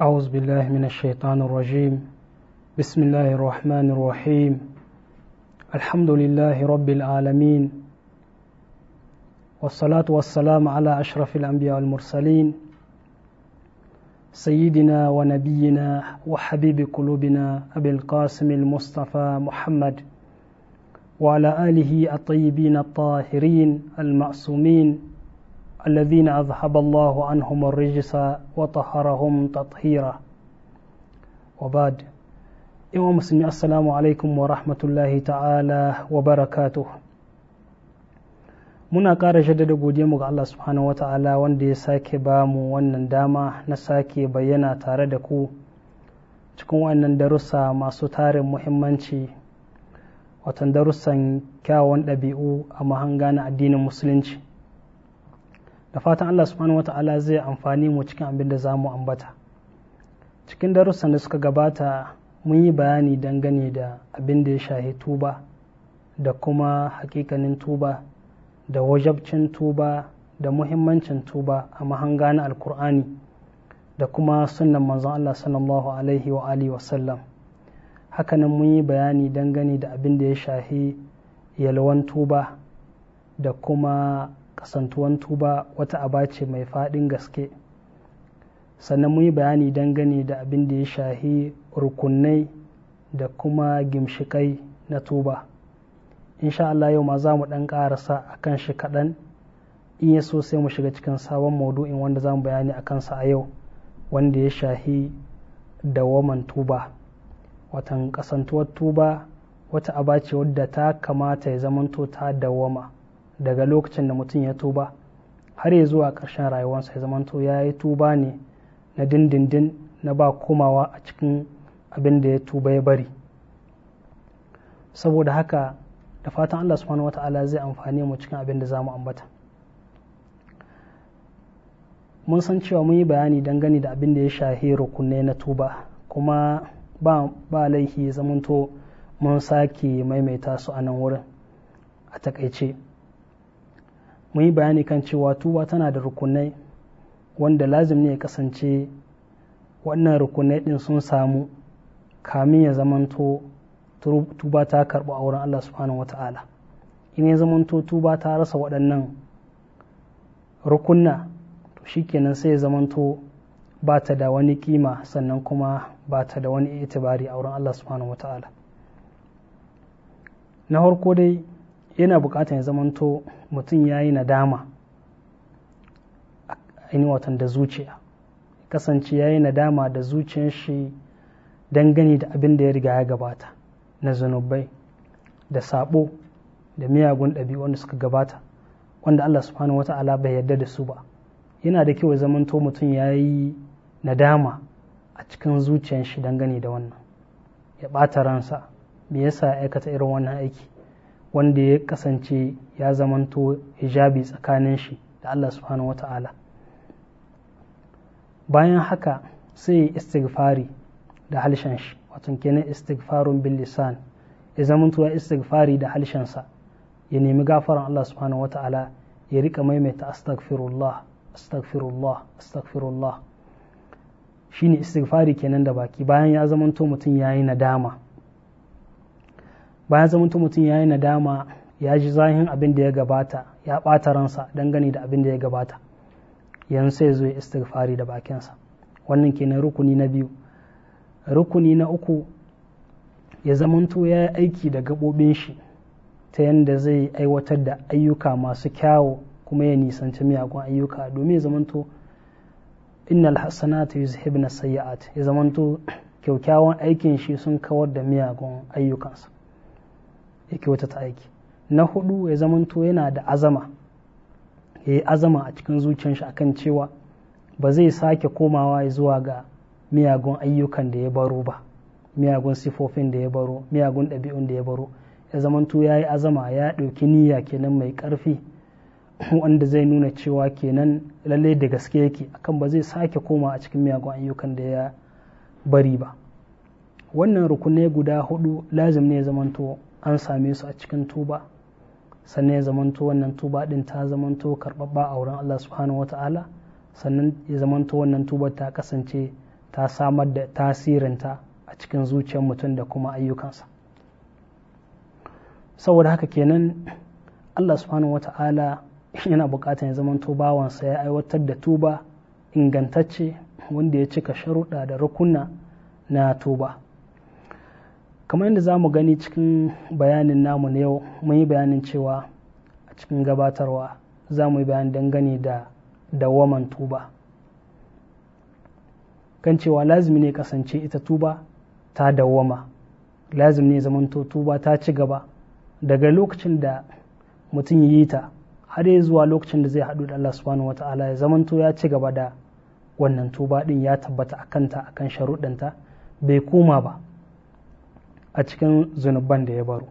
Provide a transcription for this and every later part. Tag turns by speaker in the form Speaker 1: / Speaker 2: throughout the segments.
Speaker 1: أعوذ بالله من الشيطان الرجيم بسم الله الرحمن الرحيم الحمد لله رب العالمين والصلاة والسلام على أشرف الأنبياء والمرسلين سيدنا ونبينا وحبيب قلوبنا أبي القاسم المصطفى محمد وعلى آله الطيبين الطاهرين المعصومين الذين أذهب الله عنهم الرجس وطهرهم تطهيرا وبعد إمام مسلمي السلام عليكم ورحمة الله تعالى وبركاته muna ƙara jaddada mu ga Allah subhanahu wa ta'ala wanda ya sake ba mu wannan dama na sake bayyana tare da ku cikin wannan darussa masu tarin muhimmanci watan darussan kyawun ɗabi'u a mahanga na addinin musulunci da fatan Allah subhanahu wa ta'ala zai amfani mu cikin abin da za mu ambata cikin darussan da suka gabata mun yi bayani dangane da abin da ya shahi tuba da kuma hakikanin tuba da wajabcin tuba da muhimmancin tuba a mahanga na alkur'ani da kuma sunan manzon Allah sallallahu alaihi wa alihi wasallam hakanan mun yi bayani dangane da abin da ya shahi yalwan tuba da kuma kasantuwan tuba wata aba ce mai faɗin gaske sannan mu yi bayani dangane da abin da ya shahi rukunai da kuma gimshikai na tuba insha Allah yau ma za mu ɗan ƙarasa a kan shi kaɗan in ya so sai mu shiga cikin sabon maudu'in wanda za mu bayani a kansa a yau wanda ya shahi dawaman tuba watan kasantuwar tuba wata aba ce wadda ta kamata ya zamanto ta dawama daga lokacin da mutum ya tuba har ya zuwa ƙarshen rayuwarsa ya zamanto ya yi tuba ne na dindindin na ba komawa a cikin abin da ya tuba ya bari saboda haka da fatan Allah subhanahu wa ta'ala zai amfani mu cikin abin da za mu ambata mun san cewa mun yi bayani gani da abin da ya shahi rukunne na tuba kuma ba, ba ya zamanto mun sake maimaita su a nan wurin a takaice mun yi bayani kan cewa tuba tana da rukunai wanda lazim ne ya kasance wannan rukunai din sun samu kamin ya zamanto tuba ta karɓi a wurin Allah subhanahu wa ta'ala in ya zamanto tuba ta rasa waɗannan rukunna to shi shikenan sai ya zamanto ba ta da wani kima sannan kuma ba ta da wani itibari a wurin Allah subhanahu wa ta'ala na farko dai yana bukatar ya zamanto mutum ya yi nadama ainihin watan da zuciya kasance ya yi nadama da zuciyar shi dangane da abin da ya riga ya gabata na zunubai da sabo da miyagun ɗabi'u wanda suka gabata wanda Allah subhanahu wata ta'ala bai yarda da su ba yana da kyau zamanto mutum ya yi nadama a cikin zuciyar shi dangane da wannan ya ɓata ransa me yasa aikata irin wannan aiki wanda ya kasance ya zamanto hijabi tsakanin shi da Allah subhanahu wa ta'ala bayan haka sai ya istighfari da halshen shi wato kenan istighfarun bil lisan ya zamanto ya istighfari da halshensa ya nemi gafaran Allah subhanahu wa ta'ala ya rika maimaita astaghfirullah astaghfirullah astaghfirullah shine istighfari kenan da baki bayan ya zamanto mutum yayi nadama bayan zaman mutum ya yi nadama ya ji zahin abin da ya gabata ya ɓata ransa dangane da abin da ya gabata yanzu sai zo ya istighfari da bakinsa wannan kenan rukuni na biyu rukuni na uku ya zamanto ya yi aiki da gaɓoɓin shi ta yadda zai aiwatar da ayyuka masu kyawo kuma ya nisanci miyagun ayyuka domin ya zamanto innal hasanatu yuzhibna sayyi'at ya zamanto kyaukyawan aikin shi sun kawar da miyagun ayyukansa ya kyautata aiki na hudu ya zamanto yana da azama ya yi azama a cikin zuciyar shi akan cewa ba zai sake komawa zuwa ga miyagun ayyukan da ya baro ba miyagun sifofin da ya baro miyagun ɗabi'un da ya baro ya zamanto ya yi azama ya ɗauki niyya kenan mai ƙarfi wanda zai nuna cewa kenan lallai da gaske yake akan ba zai sake koma a cikin miyagun ayyukan da ya bari ba wannan rukunai guda hudu lazim ne ya zamanto an same su a cikin tuba sannan ya zamanto wannan tuba din ta zamanto karɓaɓɓa a wurin Allah subhanahu wa ta'ala sannan ya zamanto wannan tuba ta kasance ta samar da tasirinta a cikin zuciyar mutum da kuma ayyukansa saboda haka kenan Allah subhanahu wa ta'ala yana buƙatar ya zamanto bawansa ya aiwatar da tuba ingantacce wanda ya cika sharuɗa da rukunna na tuba kamar yadda za mu gani cikin bayanin namu na yau mun yi bayanin cewa a cikin gabatarwa za mu yi bayan dangane da dawaman tuba kan cewa lazumi ne kasance ita tuba ta dawama lazumi ne zamanto tuba ta ci gaba daga lokacin da mutum yi ta har yi zuwa lokacin da zai haɗu da Allah subhanahu wa ta'ala ya zamanto ya ci gaba da wannan tuba ɗin ya tabbata a kanta a kan sharuɗanta bai koma ba a cikin zunuban da ya baro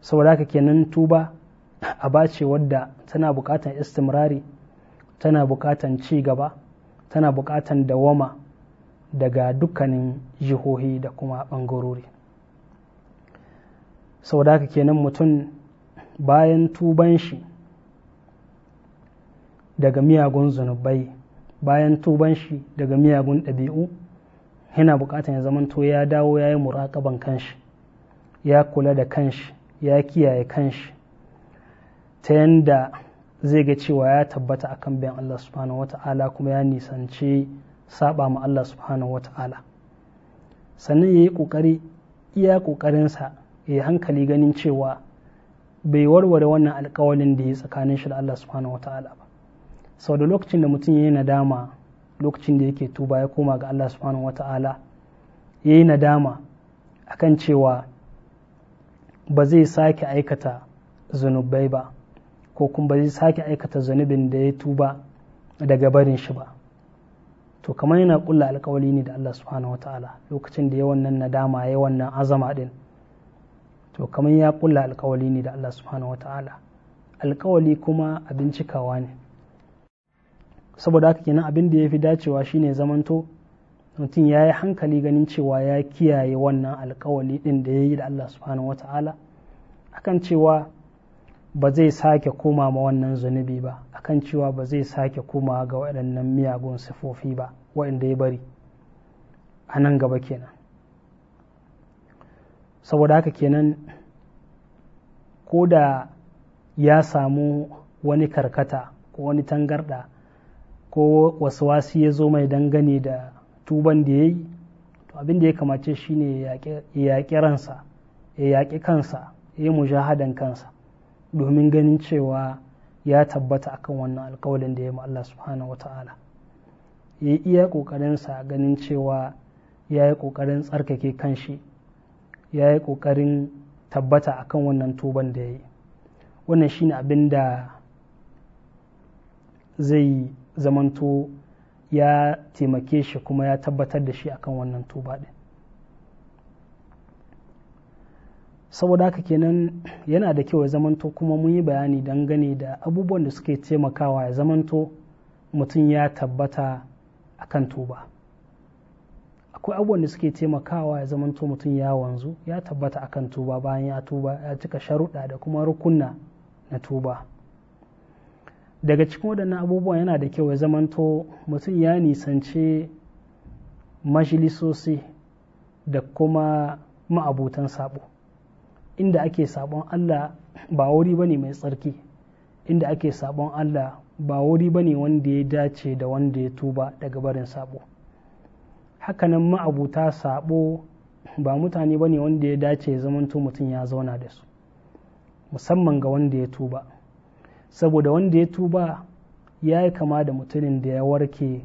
Speaker 1: saboda haka kenan tuba a bace wadda tana bukatan istimrari tana bukatan ci gaba tana bukatan dawama daga dukkanin jihohi da kuma bangarori saboda haka kenan mutum bayan tuban shi daga miyagun zunubai bayan tuban shi daga miyagun ɗabi'u yana bukatar ya zamanto ya dawo ya yi muraƙaban kanshi ya kula da kanshi ya kiyaye kanshi ta yadda zai ga cewa ya tabbata akan bayan Allah subhanahu ta'ala kuma ya nisanci saba ma Allah subhanahu ta'ala sannan ya yi ƙoƙari iya ƙoƙarinsa ya yi hankali ganin cewa bai warware wannan alkawalin da ya tsakanin shi da Allah subhanahu ta'ala ba sau da lokacin da mutum ya yi nadama lokacin da yake tuba ya koma ga Allah subhanahu wata'ala ya yi nadama a kan cewa ba zai sake aikata zunubai ba ko kuma ba zai sake aikata zunubin da ya tuba daga barin shi ba to kamar yana kulla alkawali ne da Allah subhanahu wata'ala lokacin da ya wannan nadama ya wannan azama din to kamar ya kulla alkawali ne da Allah subhanahu wata'ala alkawali kuma abincikawa ne saboda haka kenan abin da ya fi dacewa shine zamanto mutum ya yi hankali ganin cewa ya kiyaye wannan alkawali ɗin da ya yi da Allah subhanahu wa ta'ala akan cewa ba zai sake koma ma wannan zunubi ba akan cewa ba zai sake koma ga waɗannan miyagun sifofi ba waɗanda ya bari a nan gaba kenan saboda haka kenan ko da ya samu wani karkata ko wani tangarɗa ko waswasi ya zo mai dangane da tuban da ya yi to abin da ya kamace shi ne ya yaƙi ya yaƙi kansa ya yi mujahadan kansa domin ganin cewa ya tabbata akan wannan alkawalin da ya yi Allah subhanahu wa ta'ala ya iya ƙoƙarinsa ganin cewa ya yi ƙoƙarin tsarkake kanshi ya yi ƙoƙarin tabbata akan wannan tuban da ya yi wannan shi ne abin da zai zamanto ya taimake shi kuma ya tabbatar da shi akan wannan tuba ɗin saboda haka kenan yana da kyau ya zamanto kuma mun yi bayani dangane da abubuwan da suke taimakawa ya zamanto mutum ya tabbata akan tuba akwai abubuwan da suke taimakawa ya zamanto mutum ya wanzu ya tabbata akan tuba bayan ya tuba ya cika sharuɗa da kuma rukunna na tuba daga cikin waɗannan abubuwa yana da kyau ya zamanto mutum ya nisance majalisosi da kuma ma'abutan sabo inda ake sabon Allah ba wuri ne mai tsarki inda ake sabon Allah ba wuri ne wanda ya dace da wanda ya tuba daga barin sabo hakanan ma'abuta sabo ba mutane ne wanda ya dace ya zamanto mutum ya zauna da su musamman ga wanda ya tuba saboda wanda ya tuba ya yi kama da mutumin da ya warke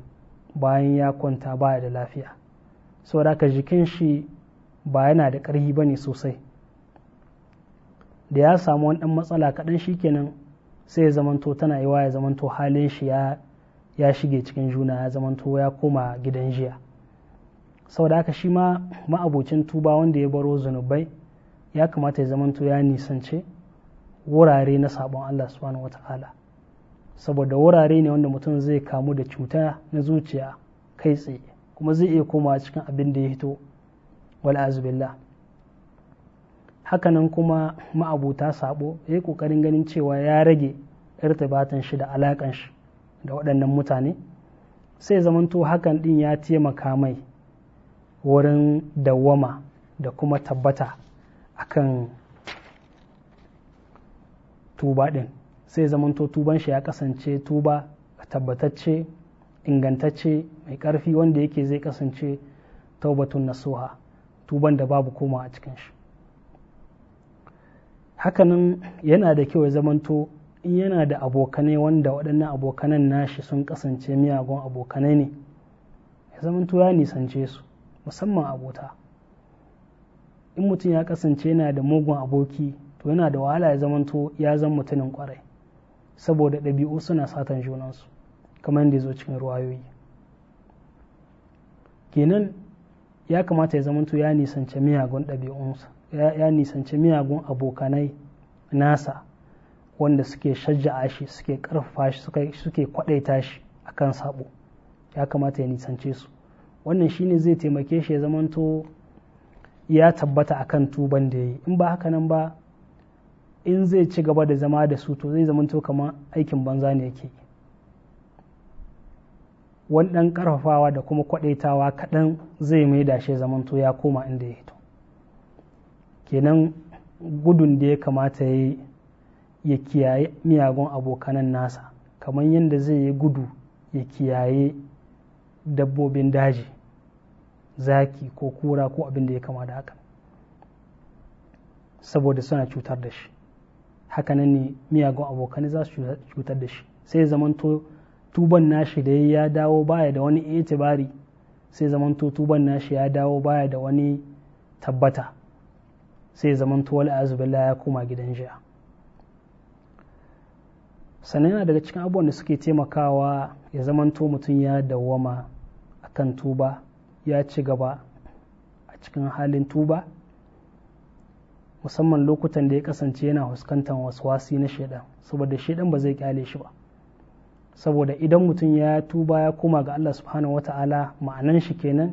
Speaker 1: bayan ya kwanta baya da lafiya saboda haka jikin shi ba yana da ƙarfi ba ne sosai da ya samu wani ɗan matsala kaɗan shi kenan sai ya zamanto tana yiwa ya zamanto halin shi ya shige cikin juna ya zamanto ya koma gidan jiya saboda haka shi ma ma'abocin tuba wanda ya baro zunubai ya kamata ya zamanto ya nisance wurare na sabon Allah subhanahu wata'ala saboda wurare ne wanda mutum zai kamu da cuta na zuciya kai tsaye kuma zai iya koma cikin abin da ya hito wal'azubillah hakanan kuma ma'abuta sabo ya yi ƙoƙarin ganin cewa ya rage irtibatan shi da alakan shi da waɗannan mutane sai zamanto hakan ɗin ya taimaka mai wurin dawwama da kuma tabbata akan tuba ɗin sai zamanto tuban shi ya kasance tuba tabbatacce ingantacce mai ƙarfi wanda yake zai kasance taubatun nasuha tuban da babu koma a cikin shi hakanan yana da kyau ya zamanto in yana da abokanai wanda waɗannan abokanan nashi sun kasance miyagun abokanai ne ya zamanto ya nisance su musamman abota in mutum ya kasance yana da mugun aboki to yana da wahala ya zamanto ya zan mutumin kwarai saboda ɗabi'u suna satan junansu kamar yadda zo cikin ruwayoyi kenan ya kamata ya zamanto ya nisance miyagun ɗabi'unsa ya nisance miyagun abokanai nasa wanda suke shajja'a shi suke ƙarfafa shi suke kwaɗaita shi akan saɓo ya kamata ya nisance su wannan shi ne zai taimake shi ya zamanto ya tabbata akan tuban da ya yi in ba haka nan ba in zai ci gaba da zama da su to zai zamanto kamar aikin banza ne yake wani ɗan ƙarfafawa da kuma kwaɗaitawa kaɗan zai mai da shi zamanto ya koma inda ya kenan gudun da ya kamata ya kiyaye miyagun abokanan nasa kamar yadda zai yi gudu ya kiyaye dabbobin daji zaki ko kura ko abin da ya kama da haka saboda suna cutar da shi hakanan ne miyagun abokanai za su cutar da shi sai zamanto tuban nashi da ya dawo baya da wani itibari sai zamanto tuban nashi ya dawo baya da wani tabbata sai zamanto wal azubillah ya koma gidan jiya sannan yana daga cikin abubuwan da suke taimakawa ya zamanto mutum ya dawwama akan tuba ya ci gaba a cikin halin tuba musamman lokutan da ya kasance yana fuskantar wasi na shaidan saboda shaidan ba zai kyale shi ba saboda idan mutum ya tuba ya koma ga Allah subhanahu wata'ala ma'anan shi kenan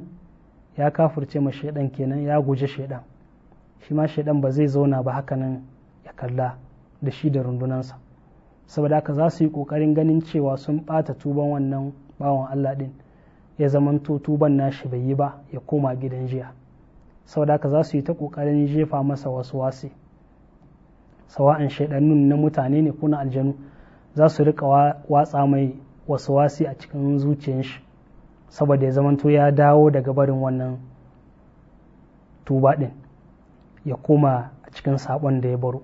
Speaker 1: ya kafurce ma shaidan kenan ya guji shaidan shi ma shaidan ba zai zauna ba hakanan ya kalla da shi da rundunansa saboda haka za su yi kokarin ganin cewa sun bata tuban wannan bawan Allah din ya zamanto tuban nashi bai yi ba ya koma gidan jiya saboda ka za su yi ta ƙoƙarin jefa masa wasu wasi sawa'an shaidannun na mutane ne ko na aljanu za su rika watsa mai wasu wasi a cikin zuciyar shi saboda ya zamanto ya dawo daga barin wannan tuba din ya koma a cikin saɓon da ya baro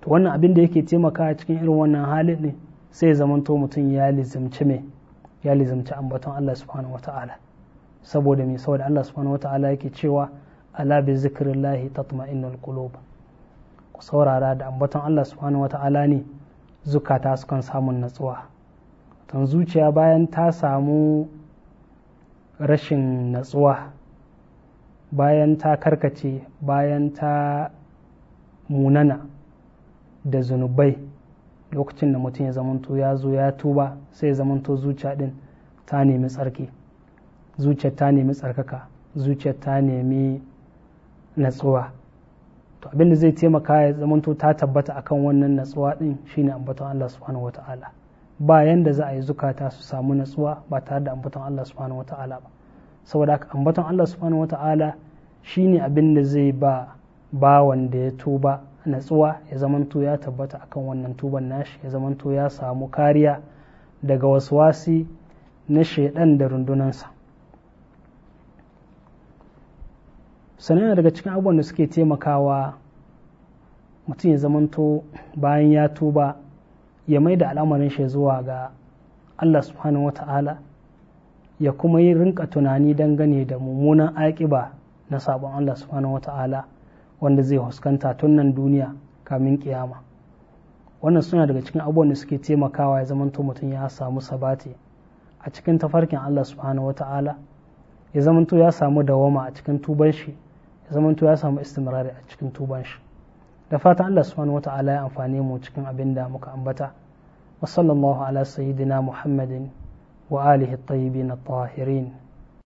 Speaker 1: to wannan abin da yake taimaka a cikin irin wannan halin ne sai ya zamanto mutum ya lizimci mai ya lizimci ambaton Allah subhanahu wata'ala saboda me saboda Allah subhanahu wata'ala yake cewa ala bi zikrillahi tatma'innul qulub ku saurara da ambaton Allah subhanahu wata'ala ne zukata sukan samun natsuwa tan zuciya bayan ta samu rashin natsuwa bayan ta karkace bayan ta munana da zunubai lokacin da mutum ya zamanto ya zo ya tuba sai ya zamanto zuciya din ta nemi tsarki zuciyar ta nemi tsarkaka zuciyar ta nemi natsuwa to abin da zai taimaka ya zamanto ta tabbata akan wannan natsuwa din shine ambaton Allah subhanahu wata'ala ba yanda za a yi zukata su samu natsuwa ba tare da ambaton Allah subhanahu wata'ala ba saboda haka ambaton Allah subhanahu wata'ala shine abin da zai ba ba wanda ya tuba natsuwa ya zamanto ya tabbata akan wannan tuban nashi ya zamanto ya samu kariya daga waswasi na shaidan da rundunansa sannan daga cikin abubuwan da suke taimakawa mutum ya zamanto bayan ya tuba ya mai da al'amarin shi zuwa ga Allah subhanahu wata'ala ya kuma yi rinka tunani dangane da mummunan aƙiba na sabon Allah subhanahu wata'ala wanda zai huskanta tun nan duniya kamin kiyama wannan suna daga cikin abubuwan da suke taimakawa ya zamanto mutum ya samu sabati a cikin tafarkin Allah subhanahu wata'ala ya zamanto ya samu dawama a cikin tuban shi zamanto ya samu istimrari a cikin tuban shi da fatan Allah subhanahu wata'ala ya amfane mu cikin abin da muka ambata wa sallallahu ala sayyidina muhammadin wa alihi at-tayyibin at-tahirin